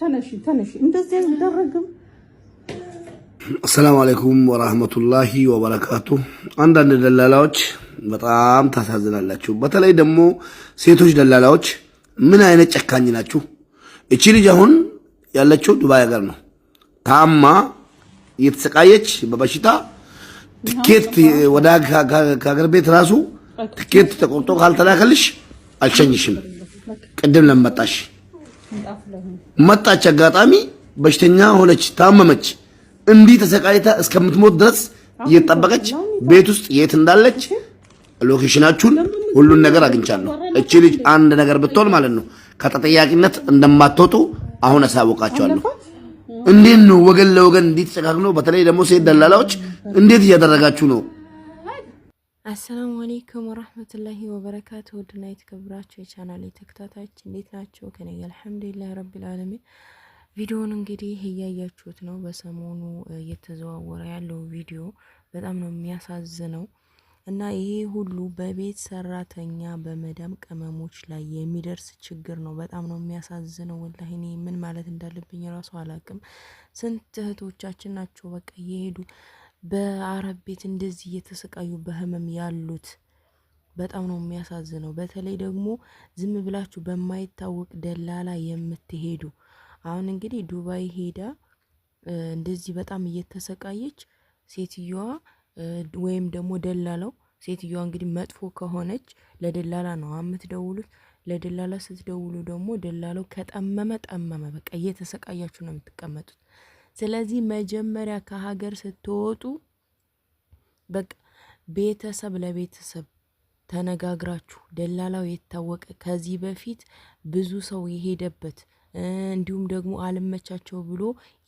ተነሽ እንደዚህ አይደረግም። አሰላሙ አለይኩም ወራህመቱላሂ ወበረካቱ። አንዳንድ ደላላዎች በጣም ታሳዝናላችሁ። በተለይ ደግሞ ሴቶች ደላላዎች ምን አይነት ጨካኝ ናችሁ? እቺ ልጅ አሁን ያለችው ዱባይ ሀገር ነው። ታማ እየተሰቃየች በበሽታ ትኬት ወደ ከሀገር ቤት ራሱ ትኬት ተቆርጦ ካልተላከልሽ አልሸኝሽም ቅድም ለመጣሽ መጣች። አጋጣሚ በሽተኛ ሆነች፣ ታመመች። እንዲህ ተሰቃይታ እስከምትሞት ድረስ እየተጠበቀች ቤት ውስጥ የት እንዳለች ሎኬሽናችሁን ሁሉን ነገር አግኝቻለሁ። እቺ ልጅ አንድ ነገር ብትሆን ማለት ነው ከተጠያቂነት እንደማትወጡ አሁን አሳውቃቸዋለሁ። እንዴት ነው ወገን ለወገን እንዲህ ተጨካክሎ፣ በተለይ ደግሞ ሴት ደላላዎች እንዴት እያደረጋችሁ ነው? አሰላሙ አሌይኩም ወራህመቱላሂ ወበረካቱ። ውድና የተከብራችሁ የቻናል ተከታታዮች እንዴት ናቸው? ከኔ አልሐምዱሊላህ ረቢል ቪዲዮውን እንግዲህ እያያችሁት ነው። በሰሞኑ እየተዘዋወረ ያለው ቪዲዮ በጣም ነው የሚያሳዝነው እና ይሄ ሁሉ በቤት ሰራተኛ በመዳም ቅመሞች ላይ የሚደርስ ችግር ነው። በጣም ነው የሚያሳዝነው። ወላሂ እኔ ምን ማለት እንዳለብኝ ራሱ አላቅም። ስንት እህቶቻችን ናቸው በቃ እየሄዱ በአረብ ቤት እንደዚህ እየተሰቃዩ በህመም ያሉት በጣም ነው የሚያሳዝነው። በተለይ ደግሞ ዝም ብላችሁ በማይታወቅ ደላላ የምትሄዱ አሁን እንግዲህ ዱባይ ሄዳ እንደዚህ በጣም እየተሰቃየች ሴትዮዋ ወይም ደግሞ ደላላው ሴትዮዋ እንግዲህ መጥፎ ከሆነች ለደላላ ነው የምትደውሉት። ለደላላ ስትደውሉ ደግሞ ደላላው ከጠመመ ጠመመ፣ በቃ እየተሰቃያችሁ ነው የምትቀመጡት። ስለዚህ መጀመሪያ ከሀገር ስትወጡ በቃ ቤተሰብ ለቤተሰብ ተነጋግራችሁ ደላላው የታወቀ ከዚህ በፊት ብዙ ሰው የሄደበት እንዲሁም ደግሞ አልመቻቸው ብሎ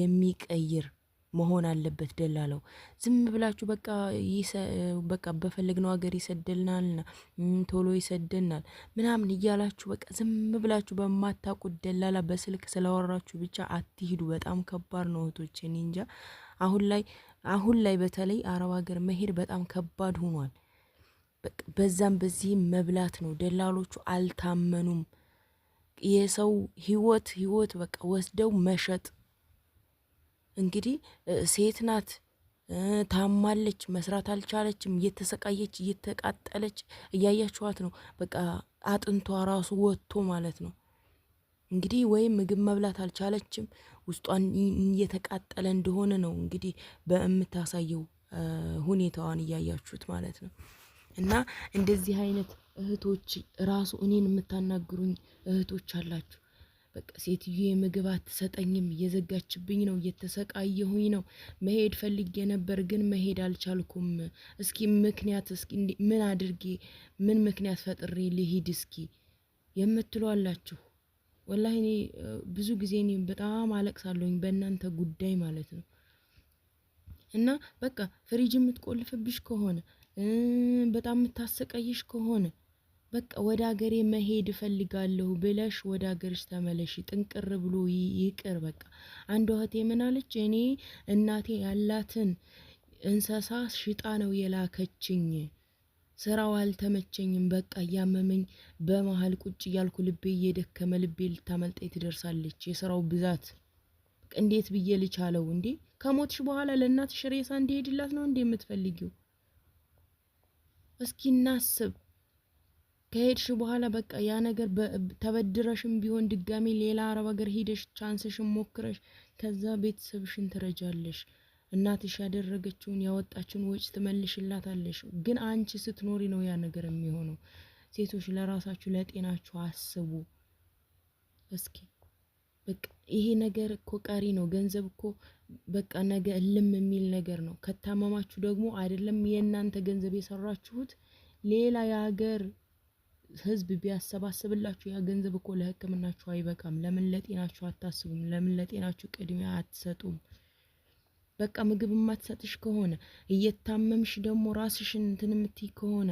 የሚቀይር መሆን አለበት ደላለው። ዝም ብላችሁ በቃ በቃ በፈለግነው ሀገር ይሰደልናልና ቶሎ ይሰደናል ምናምን እያላችሁ በቃ ዝም ብላችሁ በማታውቁት ደላላ በስልክ ስላወራችሁ ብቻ አትሂዱ። በጣም ከባድ ነው እህቶቼ። እኔ እንጃ አሁን ላይ አሁን ላይ በተለይ አረብ ሀገር መሄድ በጣም ከባድ ሆኗል። በዛም በዚህም መብላት ነው። ደላሎቹ አልታመኑም። የሰው ህይወት ህይወት በቃ ወስደው መሸጥ እንግዲህ ሴት ናት፣ ታማለች፣ መስራት አልቻለችም፣ እየተሰቃየች እየተቃጠለች እያያችኋት ነው። በቃ አጥንቷ ራሱ ወጥቶ ማለት ነው። እንግዲህ ወይም ምግብ መብላት አልቻለችም፣ ውስጧን እየተቃጠለ እንደሆነ ነው እንግዲህ በምታሳየው ሁኔታዋን እያያችሁት ማለት ነው። እና እንደዚህ አይነት እህቶች ራሱ እኔን የምታናግሩኝ እህቶች አላችሁ። በቃ ሴትዮ የምግብ አትሰጠኝም፣ እየዘጋችብኝ ነው፣ እየተሰቃየሁኝ ነው። መሄድ ፈልጌ ነበር ግን መሄድ አልቻልኩም። እስኪ ምክንያት እስኪ ምን አድርጌ ምን ምክንያት ፈጥሬ ልሂድ እስኪ የምትሉ አላችሁ። ወላሂ እኔ ብዙ ጊዜ እኔ በጣም አለቅሳለሁኝ በእናንተ ጉዳይ ማለት ነው። እና በቃ ፍሪጅ የምትቆልፍብሽ ከሆነ በጣም የምታሰቃይሽ ከሆነ በቃ ወደ ሀገሬ መሄድ እፈልጋለሁ ብለሽ ወደ ሀገርሽ ተመለሽ፣ ጥንቅር ብሎ ይቅር። በቃ አንድ እህቴ ምን አለች? እኔ እናቴ ያላትን እንስሳ ሽጣ ነው የላከችኝ። ስራው አልተመቸኝም፣ በቃ እያመመኝ በመሀል ቁጭ እያልኩ ልቤ እየደከመ ልቤ ልታመልጠኝ ትደርሳለች። የስራው ብዛት እንዴት ብዬ ልቻለው እንዴ? ከሞትሽ በኋላ ለእናትሽ ሬሳ እንዲሄድላት ነው እንዴ የምትፈልጊው? እስኪ እናስብ። ከሄድሽ በኋላ በቃ ያ ነገር ተበድረሽም ቢሆን ድጋሚ ሌላ አረብ ሀገር ሄደሽ ቻንስሽን ሞክረሽ ከዛ ቤተሰብሽን ትረጃለሽ። እናትሽ ያደረገችውን ያወጣችውን ወጪ ትመልሽላታለሽ። ግን አንቺ ስትኖሪ ነው ያ ነገር የሚሆነው። ሴቶች ለራሳችሁ ለጤናችሁ አስቡ እስኪ። በቃ ይሄ ነገር እኮ ቀሪ ነው። ገንዘብ እኮ በቃ ነገ እልም የሚል ነገር ነው። ከታመማችሁ ደግሞ አይደለም የእናንተ ገንዘብ የሰራችሁት ሌላ የሀገር ህዝብ ቢያሰባስብላችሁ ያ ገንዘብ እኮ ለህክምናችሁ አይበቃም። ለምን ለጤናችሁ አታስቡም? ለምን ለጤናችሁ ቅድሚያ አትሰጡም? በቃ ምግብ የማትሰጥሽ ከሆነ እየታመምሽ ደግሞ ራስሽን እንትን የምትይ ከሆነ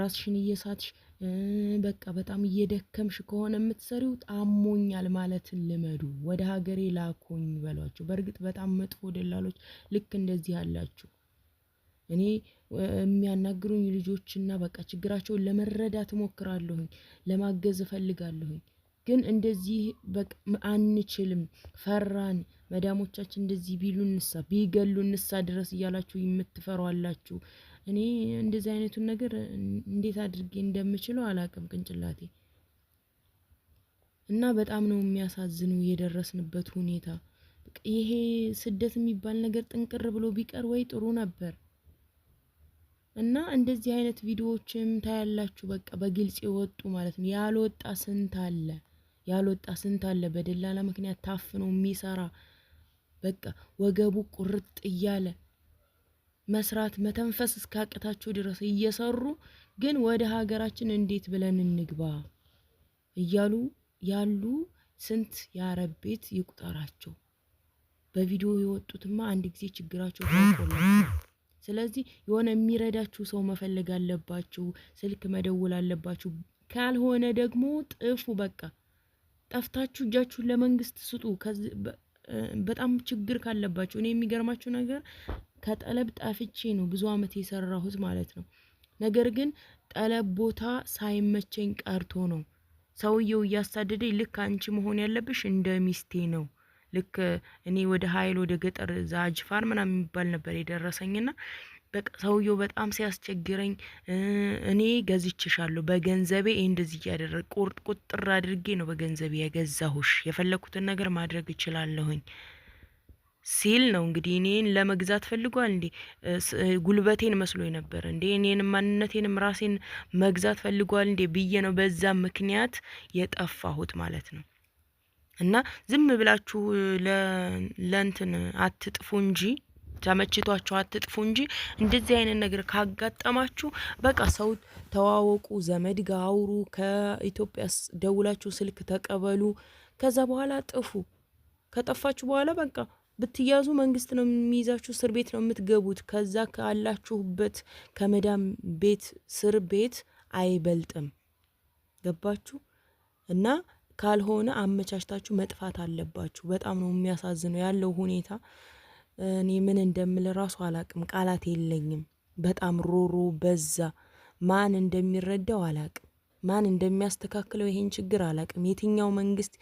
ራስሽን እየሳትሽ በቃ በጣም እየደከምሽ ከሆነ የምትሰሪው ጣሞኛል ማለትን ልመዱ። ወደ ሀገሬ ላኮኝ በሏቸው። በእርግጥ በጣም መጥፎ ደላሎች ልክ እንደዚህ አላችሁ። እኔ የሚያናግሩኝ ልጆችና በቃ ችግራቸውን ለመረዳት እሞክራለሁኝ ለማገዝ እፈልጋለሁኝ። ግን እንደዚህ በቃ አንችልም ፈራን መዳሞቻችን እንደዚህ ቢሉ እንሳ ቢገሉ እንሳ ድረስ እያላችሁ የምትፈሩ እኔ እንደዚህ አይነቱን ነገር እንዴት አድርጌ እንደምችለው አላቅም ቅንጭላቴ እና በጣም ነው የሚያሳዝኑ የደረስንበት ሁኔታ። ይሄ ስደት የሚባል ነገር ጥንቅር ብሎ ቢቀር ወይ ጥሩ ነበር። እና እንደዚህ አይነት ቪዲዮዎችም ታያላችሁ። በቃ በግልጽ የወጡ ማለት ነው። ያልወጣ ስንት አለ፣ ያልወጣ ስንት አለ። በደላላ ምክንያት ታፍኖ የሚሰራ በቃ ወገቡ ቁርጥ እያለ መስራት መተንፈስ እስካቅታቸው ድረስ እየሰሩ ግን ወደ ሀገራችን እንዴት ብለን እንግባ እያሉ ያሉ ስንት የአረብ ቤት ይቁጠራቸው። በቪዲዮ የወጡትማ አንድ ጊዜ ችግራቸው ታውቆላቸው ስለዚህ የሆነ የሚረዳችሁ ሰው መፈለግ አለባችሁ፣ ስልክ መደወል አለባችሁ። ካልሆነ ደግሞ ጥፉ። በቃ ጠፍታችሁ እጃችሁን ለመንግስት ስጡ። በጣም ችግር ካለባችሁ እኔ የሚገርማችሁ ነገር ከጠለብ ጠፍቼ ነው ብዙ አመት የሰራሁት ማለት ነው። ነገር ግን ጠለብ ቦታ ሳይመቸኝ ቀርቶ ነው ሰውየው እያሳደደኝ ልክ አንቺ መሆን ያለብሽ እንደ ሚስቴ ነው ልክ እኔ ወደ ሀይል ወደ ገጠር እዛ አጅፋር ምናምን የሚባል ነበር የደረሰኝና በቃ ሰውየው በጣም ሲያስቸግረኝ እኔ ገዝችሻለሁ በገንዘቤ ይህ እንደዚህ እያደረግ ቁርጥ ቁጥር አድርጌ ነው በገንዘቤ የገዛሁሽ፣ የፈለግኩትን ነገር ማድረግ እችላለሁኝ ሲል ነው እንግዲህ እኔን ለመግዛት ፈልጓል። እንዴ ጉልበቴን መስሎ ነበር እንዴ እኔን ማንነቴንም ራሴን መግዛት ፈልጓል እንዴ ብዬ ነው በዛ ምክንያት የጠፋሁት ማለት ነው። እና ዝም ብላችሁ ለእንትን አትጥፉ እንጂ ተመችቷችሁ አትጥፉ እንጂ እንደዚህ አይነት ነገር ካጋጠማችሁ በቃ ሰው ተዋወቁ፣ ዘመድ ጋር አውሩ፣ ከኢትዮጵያ ደውላችሁ ስልክ ተቀበሉ። ከዛ በኋላ ጥፉ። ከጠፋችሁ በኋላ በቃ ብትያዙ መንግስት ነው የሚይዛችሁ፣ እስር ቤት ነው የምትገቡት። ከዛ ካላችሁበት ከመዳም ቤት እስር ቤት አይበልጥም። ገባችሁ እና ካልሆነ አመቻችታችሁ መጥፋት አለባችሁ። በጣም ነው የሚያሳዝነው ያለው ሁኔታ። እኔ ምን እንደምል ራሱ አላቅም፣ ቃላት የለኝም። በጣም ሮሮ በዛ። ማን እንደሚረዳው አላቅም። ማን እንደሚያስተካክለው ይሄን ችግር አላቅም። የትኛው መንግስት፣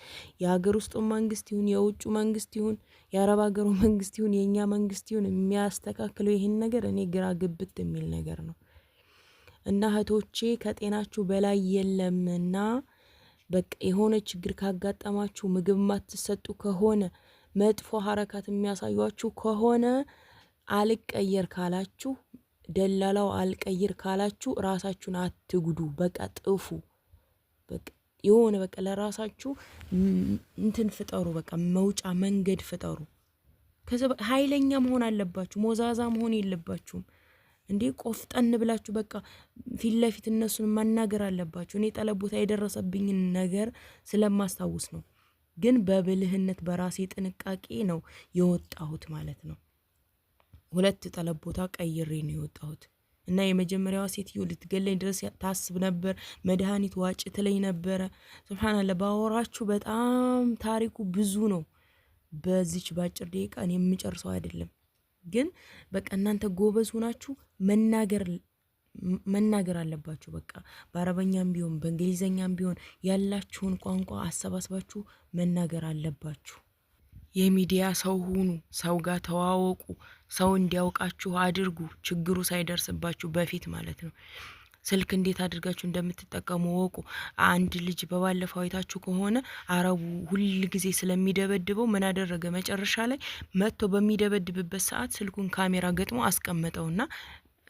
የሀገር ውስጡ መንግስት ይሁን የውጩ መንግስት ይሁን የአረብ ሀገሩ መንግስት ይሁን የእኛ መንግስት ይሁን የሚያስተካክለው ይሄን ነገር እኔ ግራ ግብት የሚል ነገር ነው እና እህቶቼ ከጤናችሁ በላይ የለምና በቃ የሆነ ችግር ካጋጠማችሁ ምግብ ማትሰጡ ከሆነ መጥፎ ሀረካት የሚያሳዩችሁ ከሆነ አልቀየር ካላችሁ ደላላው አልቀይር ካላችሁ ራሳችሁን አትጉዱ። በቃ ጥፉ። በቃ የሆነ በቃ ለራሳችሁ እንትን ፍጠሩ። በቃ መውጫ መንገድ ፍጠሩ። ከዚ ኃይለኛ መሆን አለባችሁ። ሞዛዛ መሆን የለባችሁም። እንዴ ቆፍጠን ብላችሁ በቃ ፊት ለፊት እነሱን መናገር አለባችሁ። እኔ ጠለ ቦታ የደረሰብኝን ነገር ስለማስታውስ ነው። ግን በብልህነት በራሴ ጥንቃቄ ነው የወጣሁት ማለት ነው። ሁለት ጠለ ቦታ ቀይሬ ነው የወጣሁት እና የመጀመሪያዋ ሴትዮ ልትገለኝ ድረስ ታስብ ነበር። መድኃኒት ዋጭ ትለኝ ነበረ። ስብሓናላ ባወራችሁ በጣም ታሪኩ ብዙ ነው። በዚች ባጭር ደቂቃ እኔ የምጨርሰው አይደለም። ግን በቃ እናንተ ጎበዝ ሆናችሁ መናገር መናገር አለባችሁ። በቃ በአረበኛም ቢሆን በእንግሊዘኛም ቢሆን ያላችሁን ቋንቋ አሰባስባችሁ መናገር አለባችሁ። የሚዲያ ሰው ሁኑ። ሰው ጋር ተዋወቁ። ሰው እንዲያውቃችሁ አድርጉ። ችግሩ ሳይደርስባችሁ በፊት ማለት ነው። ስልክ እንዴት አድርጋችሁ እንደምትጠቀሙ ወቁ። አንድ ልጅ በባለፈው አይታችሁ ከሆነ አረቡ ሁል ጊዜ ስለሚደበድበው ምን አደረገ? መጨረሻ ላይ መጥቶ በሚደበድብበት ሰዓት ስልኩን ካሜራ ገጥሞ አስቀመጠውና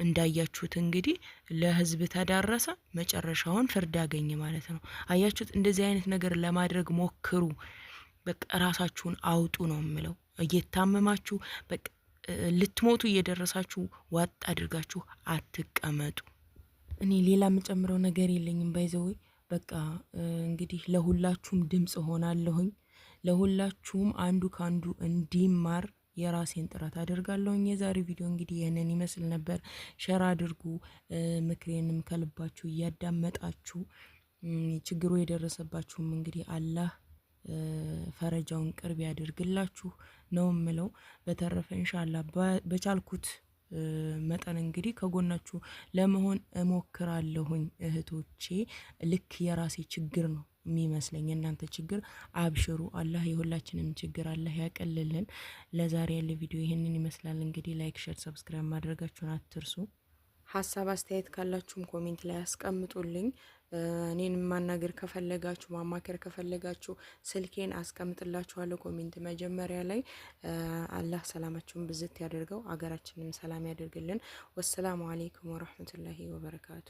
እንዳያችሁት እንግዲህ ለህዝብ ተዳረሰ። መጨረሻውን ፍርድ አገኘ ማለት ነው። አያችሁት? እንደዚህ አይነት ነገር ለማድረግ ሞክሩ። በቃ ራሳችሁን አውጡ ነው የምለው። እየታመማችሁ በቃ ልትሞቱ እየደረሳችሁ ዋጥ አድርጋችሁ አትቀመጡ። እኔ ሌላ የምጨምረው ነገር የለኝም። ባይዘወይ በቃ እንግዲህ ለሁላችሁም ድምፅ ሆናለሁኝ። ለሁላችሁም አንዱ ከአንዱ እንዲማር የራሴን ጥረት አደርጋለሁኝ። የዛሬ ቪዲዮ እንግዲህ ይህንን ይመስል ነበር። ሸር አድርጉ፣ ምክሬንም ከልባችሁ እያዳመጣችሁ ችግሩ የደረሰባችሁም እንግዲህ አላህ ፈረጃውን ቅርብ ያደርግላችሁ ነው ምለው። በተረፈ እንሻላ በቻልኩት መጠን እንግዲህ ከጎናችሁ ለመሆን እሞክራለሁኝ እህቶቼ። ልክ የራሴ ችግር ነው የሚመስለኝ እናንተ ችግር አብሽሩ። አላህ የሁላችንም ችግር አላህ ያቀልልን። ለዛሬ ያለ ቪዲዮ ይህንን ይመስላል። እንግዲህ ላይክ፣ ሸር፣ ሰብስክራይብ ማድረጋችሁን አትርሱ። ሀሳብ አስተያየት ካላችሁም ኮሜንት ላይ አስቀምጡልኝ። እኔን ማናገር ከፈለጋችሁ ማማከር ከፈለጋችሁ ስልኬን አስቀምጥላችኋለሁ ኮሜንት መጀመሪያ ላይ። አላህ ሰላማችሁን ብዝት ያደርገው፣ አገራችንም ሰላም ያደርግልን። ወሰላሙ አሌይኩም ወረህመቱላሂ ወበረካቱ።